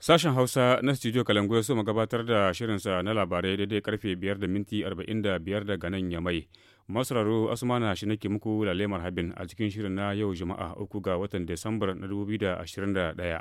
Sashen Hausa na Studio Kalangu ya so mu gabatar da shirinsa na labarai daidai karfe 5 da minti 45 daga nan ya mai. Masararo Asmana shi nake muku lalemar habin a cikin shirin na yau Juma'a 3 ga watan Desambar na 2021.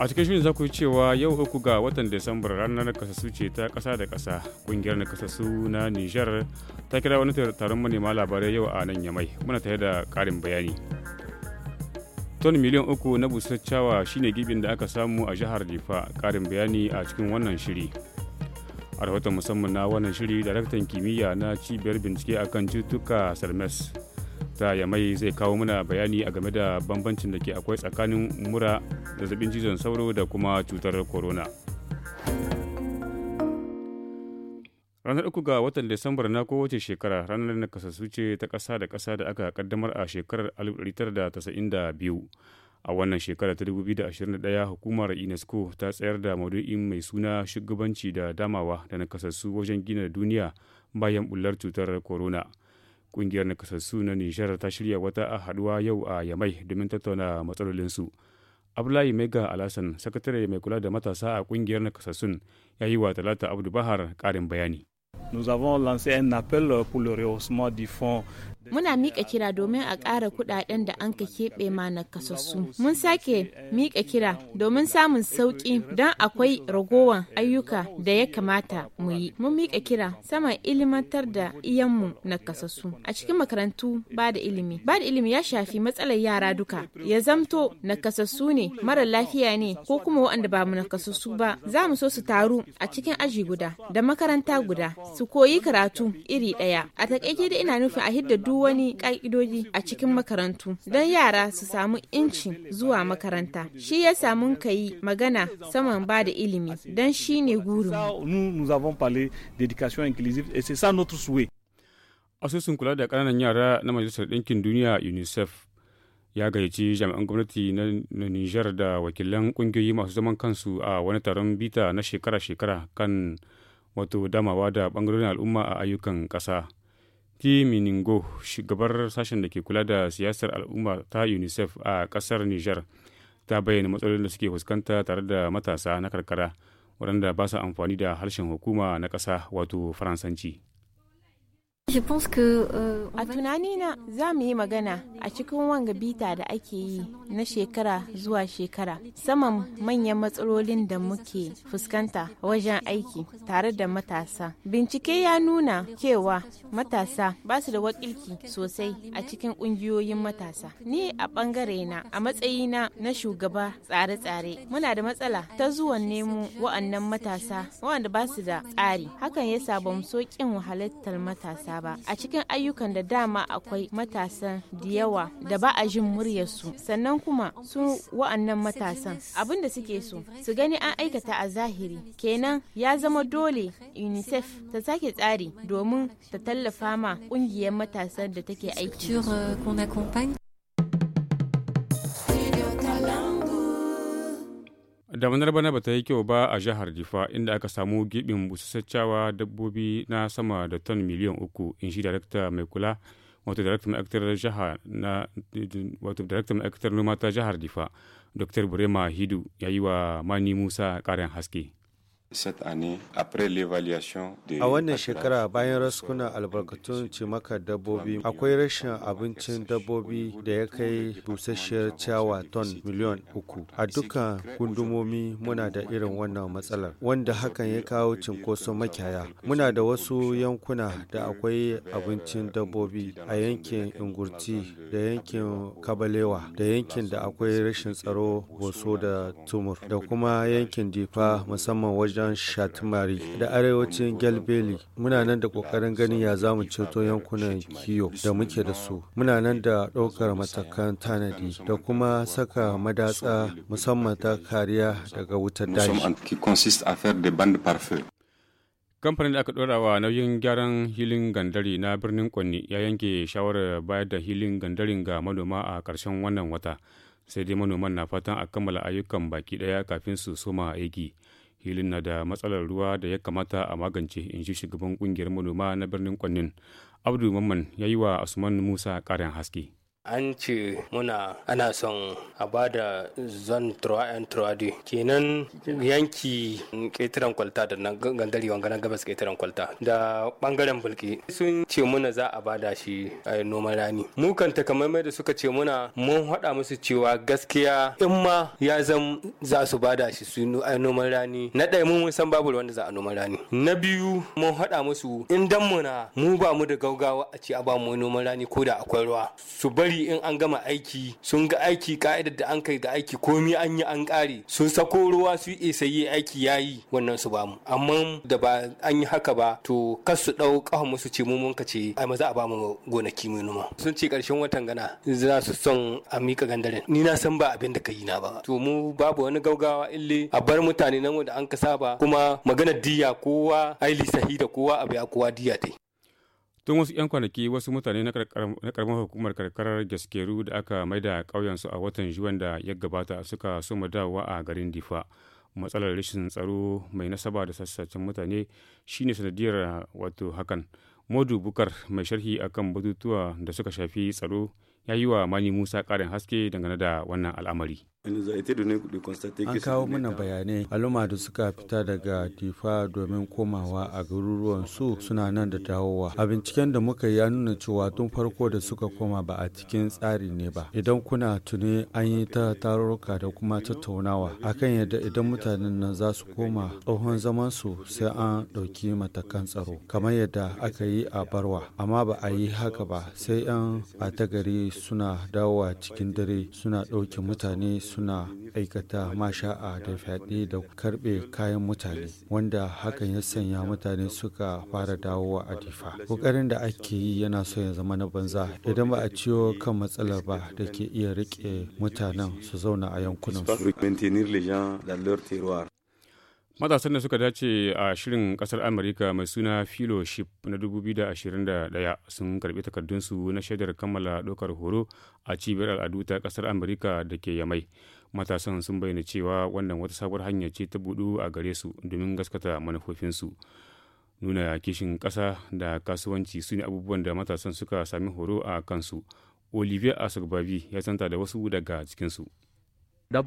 a cikin shirin za ku yi cewa yau uku ga watan disambar ranar kasassu ce ta ƙasa da ƙasa ƙungiyar na kasassu na nijar ta kira wani taron manema labarai yau a nan ya mai muna tare da ƙarin bayani ton miliyan uku na busaccawa shine gibin da aka samu a jihar difa karin bayani a cikin wannan shiri a rahoton musamman na wannan shiri daraktan kimiyya na cibiyar bincike a kan cututtuka sarmes ta yamai zai kawo mana bayani a game da bambancin da ke akwai tsakanin mura da zaɓin cizon sauro da kuma cutar corona. Ranar uku ga watan Disambar na kowace shekara ranar nakasassu ce ta ƙasa da ƙasa da aka kaddamar a shekarar 1992. A wannan shekara ta 2021 hukumar UNESCO ta tsayar da maudu'in mai suna shugabanci da damawa da nakasassu wajen gina duniya bayan bullar cutar corona. Ƙungiyar nakasassu na Nijar ta shirya wata a haɗuwa yau a Yamai domin tattauna matsalolinsu. Abdullahi Mega Alasan, sakatare mai kula da matasa a kungiyar nakasassun, ya yi wa Talata Abdu Bahar ƙarin bayani. Nous avons lancé un appel pour le rehaussement du fonds muna mika kira domin a ƙara kuɗaɗen da an ka keɓe ma nakasassu. Mun sake mika kira domin samun sauƙi don akwai ragowan ayyuka da ya kamata mu yi. Mun mika kira sama ilimantar da iyanmu nakasassu a cikin makarantu ba da ilimi. Ba da ilimi ya shafi matsalar yara duka. Ya zamto nakasassu ne, mara lafiya ne ko kuma waɗanda ba mu nakasassu ba. Za mu so su taru a cikin aji guda da makaranta guda su koyi karatu iri ɗaya. A taƙaice da ina nufin a hidda duk wani ƙa'idoji a cikin makarantu don yara su samu inci zuwa makaranta. Shi ya samu ka yi magana saman ba da ilimi don shi ne gurin. Asusun kula da ƙananan yara na Majalisar Ɗinkin Duniya UNICEF ya gayyaci jami'an gwamnati na niger da wakilan ƙungiyoyi masu zaman kansu a wani taron bita na shekara-shekara kan wato damawa da ɓangarorin al'umma a ayyukan ƙasa. Ki Miningo, shugabar sashen da ke kula da siyasar al'umma ta UNICEF a ƙasar Nijar, ta bayyana matsalolin da suke fuskanta tare da matasa na karkara waɗanda ba su amfani da harshen hukuma na ƙasa wato Faransanci. Euh, a tunanina za mu yi magana a cikin wanga bita da ake yi na shekara zuwa shekara saman manyan matsalolin da muke fuskanta wajen aiki tare da matasa bincike ya nuna cewa matasa ba su da wakilki sosai a cikin ƙungiyoyin matasa ni a bangare na a matsayina na shugaba tsare-tsare muna da matsala ta zuwan nemo wa'annan matasa wa'anda ba su da tsari hakan ya sa ba mu so ƙin wahalattar matasa ba a cikin ayyukan da dama akwai matasan da yawa yawa da ba a jin muryarsu sannan kuma su wa'annan matasan abin da suke so su gani an aikata a zahiri kenan ya zama dole unicef ta sake tsari domin ta tallafa ma kungiyar matasan da take aiki euh, damanar bana bata yi kyau ba a jihar difa inda aka samu gibin busassacawa dabbobi na sama da ton miliyan uku in shi darakta mai kula wato daraktan ma'aikatar jiha na wato daraktan ma'aikatar noma ta jihar difa dr burema hidu ya yi wa mani musa karin haske A wannan shekara bayan raskuna albarkatun cimakar dabbobi akwai rashin abincin dabbobi da ya kai busasshiyar ciyawa ton miliyon uku. A dukkan gundumomi muna da irin wannan matsalar wanda hakan ya kawo cinkoson makiyaya. Muna da wasu yankuna da akwai euh, abincin dabbobi a yankin Ingurti da yankin Kabalewa da yankin da akwai rashin tsaro Boso da Tumur da kuma yankin Difa musamman wajen wajen Shatmari da arewacin Gelbeli. Muna nan da kokarin ganin ya za mu ceto yankunan kiyo da muke da su. Muna nan da ɗaukar matakan tanadi da kuma saka madatsa musamman ta kariya daga wutar daji. kamfanin da aka ɗorawa wa nauyin gyaran hilin gandari na birnin kwanni ya yanke shawarar bayar da hilin gandarin ga manoma a ƙarshen wannan wata sai dai manoman na fatan a kammala ayyukan baki ɗaya kafin su soma aiki hilin na da matsalar ruwa da ya kamata a magance in ji shugaban kungiyar manoma na birnin kwannin abdu mamman ya yi wa usman musa karin haske an ce muna ana son a ba da zon 3 d kenan yanki ƙetaren kwalta da nan gandari wangana gabas ƙetaren kwalta da ɓangaren bulki sun ce muna za a ba da shi a noman rani Mukan takamaimai da suka ce muna mun haɗa musu cewa gaskiya in ma ya zan za su ba da shi su a noman rani na ɗaya mun san babu wanda za a noman rani na biyu mun haɗa musu in dan muna mu ba mu da gaugawa a ce a ba mu noman rani ko da akwai ruwa su bari bari in an gama aiki sun ga aiki ka'idar da an kai ga aiki komi an yi an kare sun sako ruwa su yi yi aiki yayi wannan su bamu amma da ba an yi haka ba to kas su dau kafa musu ce mu mun kace ai maza a bamu gonaki mu noma sun ce karshen watan gana za su son a mika gandaren ni na san ba abin da kai na ba to mu babu wani gaugawa ille a bar mutane nan wanda an ka saba kuma maganar diya kowa ai lisahi da kowa abu ya kowa diya tai tun wasu 'yan kwanaki wasu mutane na karamar hukumar karkarar gaskeru da aka maida ƙauyensu a watan juwan da ya gabata suka soma dawowa a garin difa matsalar rashin tsaro mai nasaba da sassacen mutane shine sanadiyar wato hakan modu bukar mai sharhi akan batutuwa da suka shafi tsaro ya yi wa mani musa ƙarin haske dangane da wannan al'amari An kawo mana bayanai al'umma da suka fita daga Difa domin komawa a garuruwan su suna nan da dawowa. A binciken da muka yi ya nuna cewa tun farko da suka koma ba a cikin tsari ne ba. Idan kuna tuni an yi ta tarurruka da kuma tattaunawa akan yadda idan mutanen nan za su koma tsohon zaman su sai an ɗauki matakan tsaro kamar yadda aka yi a Barwa. Amma ba a yi haka ba sai 'yan ɓata gari suna dawowa cikin dare suna ɗauke mutane suna aikata masha'a da fyaɗe da karɓe kayan mutane wanda hakan ya sanya mutane suka fara dawowa a difa ƙoƙarin da ake yi yana so ya zama na banza idan ba a ciwo kan matsalar ba da ke iya riƙe mutanen su zauna a yankunan su matasan da suka dace a shirin kasar amurka mai suna fellowship na 2021 sun karbi takardunsu na shaidar kammala ɗaukar horo a cibiyar al'adu ta kasar amurka da ke yamai matasan sun bayyana cewa wannan wata sabuwar hanya ce ta budu a gare su domin gaskata manufofinsu nuna kishin ƙasa da kasuwanci su ne abubuwan da matasan suka sami horo a kansu olivier asagbabi ya santa da wasu daga cikinsu. Da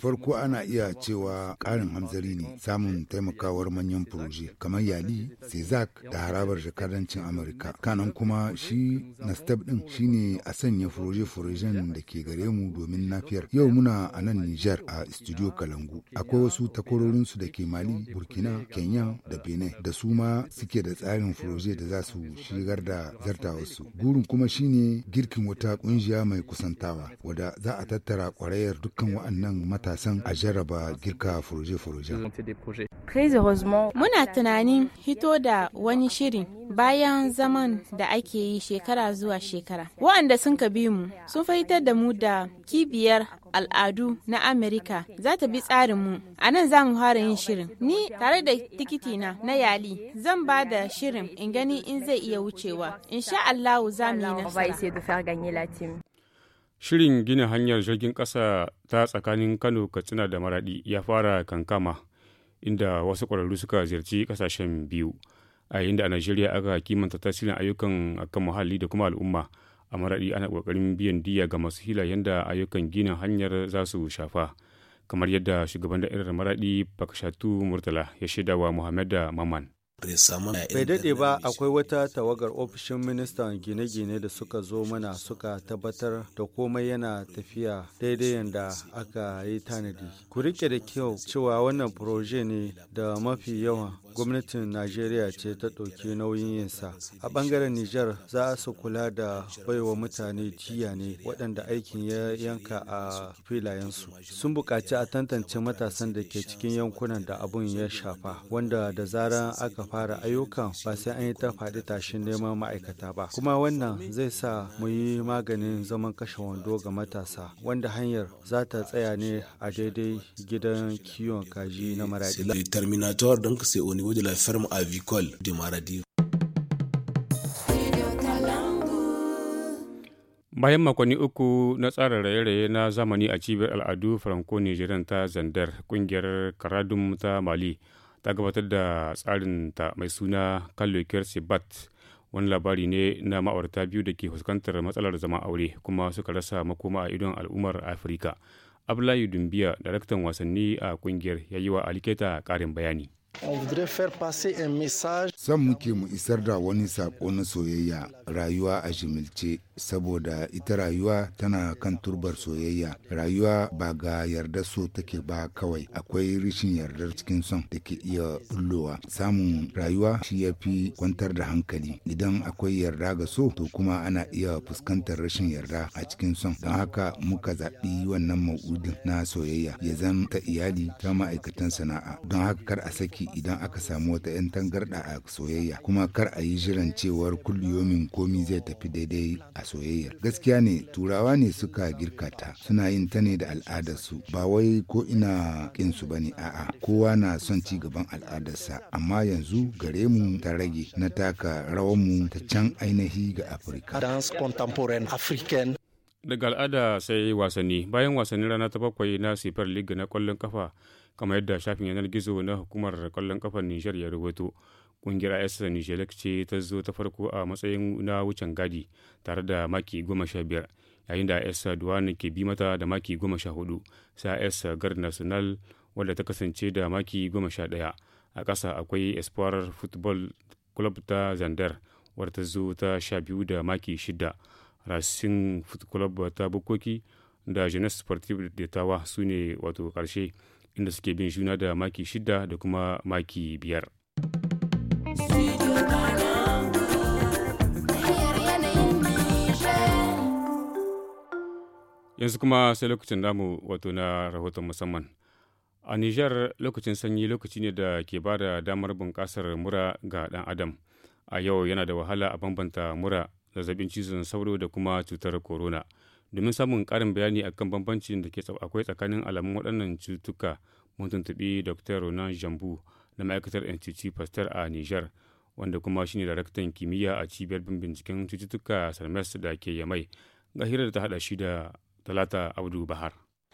farko ana iya cewa ƙarin hamzari ne samun taimakawar manyan furoje kamar Yali, Sezak da harabar jakadancin Amurka. Kanan kuma shi na step ɗin shine a sanya furoje-furojen da ke gare mu domin nafiyar. Yau muna a nan Nijar a Studio Kalangu. Akwai wasu takwarorinsu da ke Mali, Burkina, Kenya da Benin da su ma suke da tsarin furoje da za su shigar da zartawarsu. Gurin kuma shine girkin wata ƙungiya mai kusantawa Wada za a tattara ƙwarayar duk kan waannan matasan a jaraba girka Muna tunanin hito da wani shirin bayan zaman da ake yi shekara zuwa shekara. Waɗanda sun ka bi mu sun fahimtar da mu da kibiyar al'adu na Amerika za ta bi mu. A nan za mu fara yin shirin. Ni tare da tikitina na yali zan ba da shirin in gani in zai iya wucewa. Insha Allahu za mu yi nasara. Shirin gina hanyar jirgin ƙasa ta tsakanin Kano, Katsina da Maraɗi ya fara kankama, inda wasu ƙwararru suka ziyarci ƙasashen biyu. A yayin da a Najeriya aka kimanta tasirin ayyukan akan muhalli da kuma al'umma, a Maraɗi ana ƙoƙarin biyan diya ga masu hila yadda ayyukan gina hanyar za su shafa. Kamar yadda shugaban da'irar Maraɗi Bakshatu Murtala ya shaidawa Muhammad Maman. bai daɗe ba akwai wata tawagar ofishin ministan gine-gine da suka zo mana suka tabbatar da komai yana tafiya daidai yadda aka yi tanadi ku rike da kyau cewa wannan proje ne da mafi yawan gwamnatin najeriya ce ta ɗauki nauyin yinsa a ɓangaren Nijar za su kula da baiwa mutane jiya ne waɗanda aikin ya yanka a filayensu sun buƙaci a tantance matasan da ke cikin yankunan da abun ya shafa wanda da zaran aka fara ayyukan ba sai an yi ta faɗi tashin neman ma'aikata ba kuma wannan zai sa mu yi maganin zaman kashe wando ga matasa wanda hanyar za ta tsaya ne a daidai gidan kiwon kaji na maradi terminator bayan makonni uku na tsara raye-raye na zamani a cibiyar al'adu franco nigerian ta zandar kungiyar karadum ta mali ta gabatar da tsarin ta mai suna kallokiyar sebat wani labari ne na ma'aurata biyu da ke fuskantar matsalar zama aure kuma suka rasa makoma a idon al'ummar afirka abdullahi dumbiya daraktan wasanni a kungiyar ya yi wa aliketa karin bayani Son muke mu isar da wani sako na soyayya rayuwa a jimilce saboda ita rayuwa tana kan turbar soyayya rayuwa ba ga yarda so take ba kawai akwai rishin yardar cikin son da ke iya bullowa samun rayuwa shi ya fi kwantar da hankali idan akwai yarda ga so to kuma ana iya fuskantar rashin yarda a cikin son don haka muka zaɓi wannan ma'udin na soyayya ya zan ta iyali ta ma'aikatan sana'a don haka kar a saki idan aka samu wata 'yan tangarɗa a soyayya kuma kar a yi jiran cewar kulliyomin komi zai tafi daidai a soyayyar gaskiya ne turawa ne suka girka ta suna yin ta ne da al'adarsu ba wai ko ina kin su bane a'a kowa na son ci gaban al'adarsa amma yanzu gare mu ta rage na taka rawar mu ta can ainihi ga afirka daga al'ada sai wasanni bayan wasannin rana ta bakwai na super league na kwallon kafa kamar yadda shafin yanar gizo na hukumar kwallon kafar nijar ya rubuto Ƙungiyar IS Nijelek ce ta zo ta farko a matsayin na wucin gadi tare da maki goma sha biyar yayin da IS Duwani ke bi mata da maki goma sha hudu sai IS Guard National wadda ta kasance da maki goma sha daya A ƙasa akwai Espoir Football Club ta Zandar wadda ta zo ta sha biyu da maki shida. Racing Football Club ta Bukoki da Jeunesse Sportive de Tawa su ne wato ƙarshe inda suke bin juna da maki shida da kuma maki biyar. yanzu kuma sai lokacin namu wato na rahoton musamman a nijar lokacin sanyi lokaci ne da ke ba da damar bunƙasar mura ga ɗan adam a yau yana da wahala a bambanta mura zazzabin cizon sauro da kuma cutar corona domin samun ƙarin bayani akan bambancin da ke akwai tsakanin alamun waɗannan cutuka mun tuntuɓi dr ronan jambu na ma'aikatar institut pasteur a niger wanda kuma shine daraktan kimiyya a cibiyar binciken cututtuka sarmes da ke yamai ga hirar ta hada shi da talata abdu bahar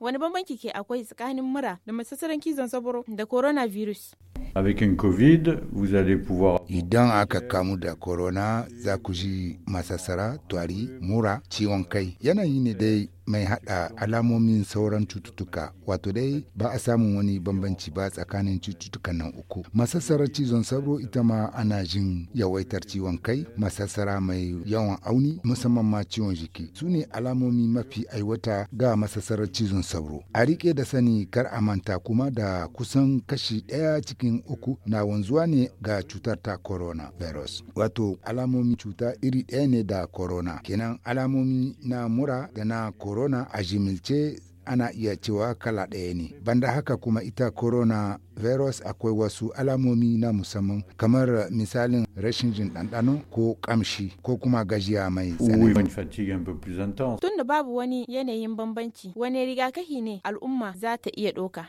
wani bambanci ke akwai tsakanin mura da masassaran kizon saboro da coronavirus Avec une COVID, vous allez pouvoir... Idan aka kamu da corona za ku ji masassara, tuari, mura, ciwon kai. Yanayi ne dai mai hada alamomin sauran cututtuka wato dai ba a samun wani bambanci ba tsakanin cututtukan nan uku masassarar cizon sauro ita ma ana jin yawaitar ciwon kai masassara mai yawan auni musamman ma ciwon jiki su ne alamomi mafi aiwata ga masassarar cizon sauro a rike da sani kar a manta kuma da kusan kashi ɗaya cikin uku na wanzuwa ne ga cutar ta corona virus wato alamomi cuta iri ɗaya ne da corona kenan alamomi na mura da na corona corona a jimilce ana iya cewa kala ɗaya ne banda haka kuma ita corona virus akwai wasu alamomi na musamman kamar misalin rashin jin ɗanɗano ko ƙamshi ko kuma gajiya mai tsanani. Tunda babu wani yanayin bambanci wani rigakafi ne al'umma za ta iya ɗauka.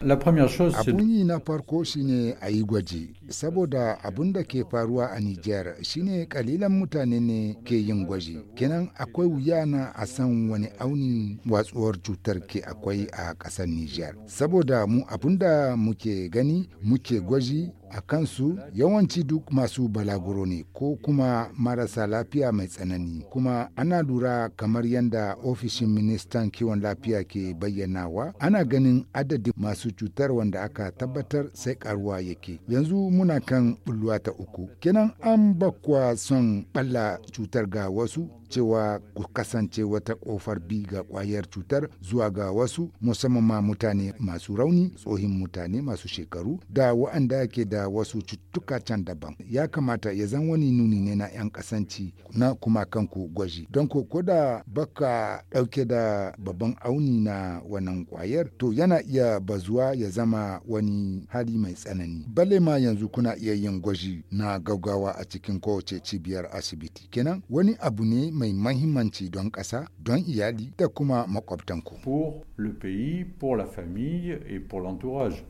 Abun yi na farko shine a yi gwaji saboda abun da ke faruwa a Nijar shine kalilan mutane ne ke yin gwaji kenan akwai wuya na a san wani aunin watsuwar cutar ke akwai a ƙasar Nijar saboda mu abun da muke gani muke gwaji a kansu yawanci duk masu balaguro ne ko kuma marasa lafiya mai tsanani kuma ana lura kamar yadda ofishin ministan kiwon lafiya ke bayyanawa ana ganin adadin masu cutar wanda aka tabbatar sai karuwa yake yanzu muna kan bulluwa ta uku kenan an bakwa son balla cutar ga wasu cewa ku kasance wata kofar bi ga kwayar cutar zuwa ga wasu musamman ma mutane masu rauni tsohin mutane masu shekaru da wa'anda ke da wasu cututtuka can daban ya kamata ya zan wani nuni ne na 'yan kasanci na kuma kanku gwaji don ko koda baka dauke da babban auni na wannan kwayar to yana iya bazuwa ya zama wani hali mai tsanani balle ma yanzu kuna iya yin gwaji na gaggawa a cikin kowace cibiyar asibiti kenan wani abu ne mai mahimmanci don ƙasa don iyali da kuma makwabtanku. Pour le pays, pour la famille et pour l'entourage.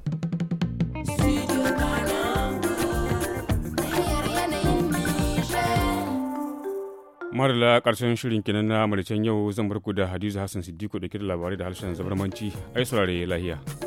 marla karshen shirin kinan na maricen yau zan barku da hadiza hassan siddiqui da kira labarai da harshen zabarmanci ai saurare lahiya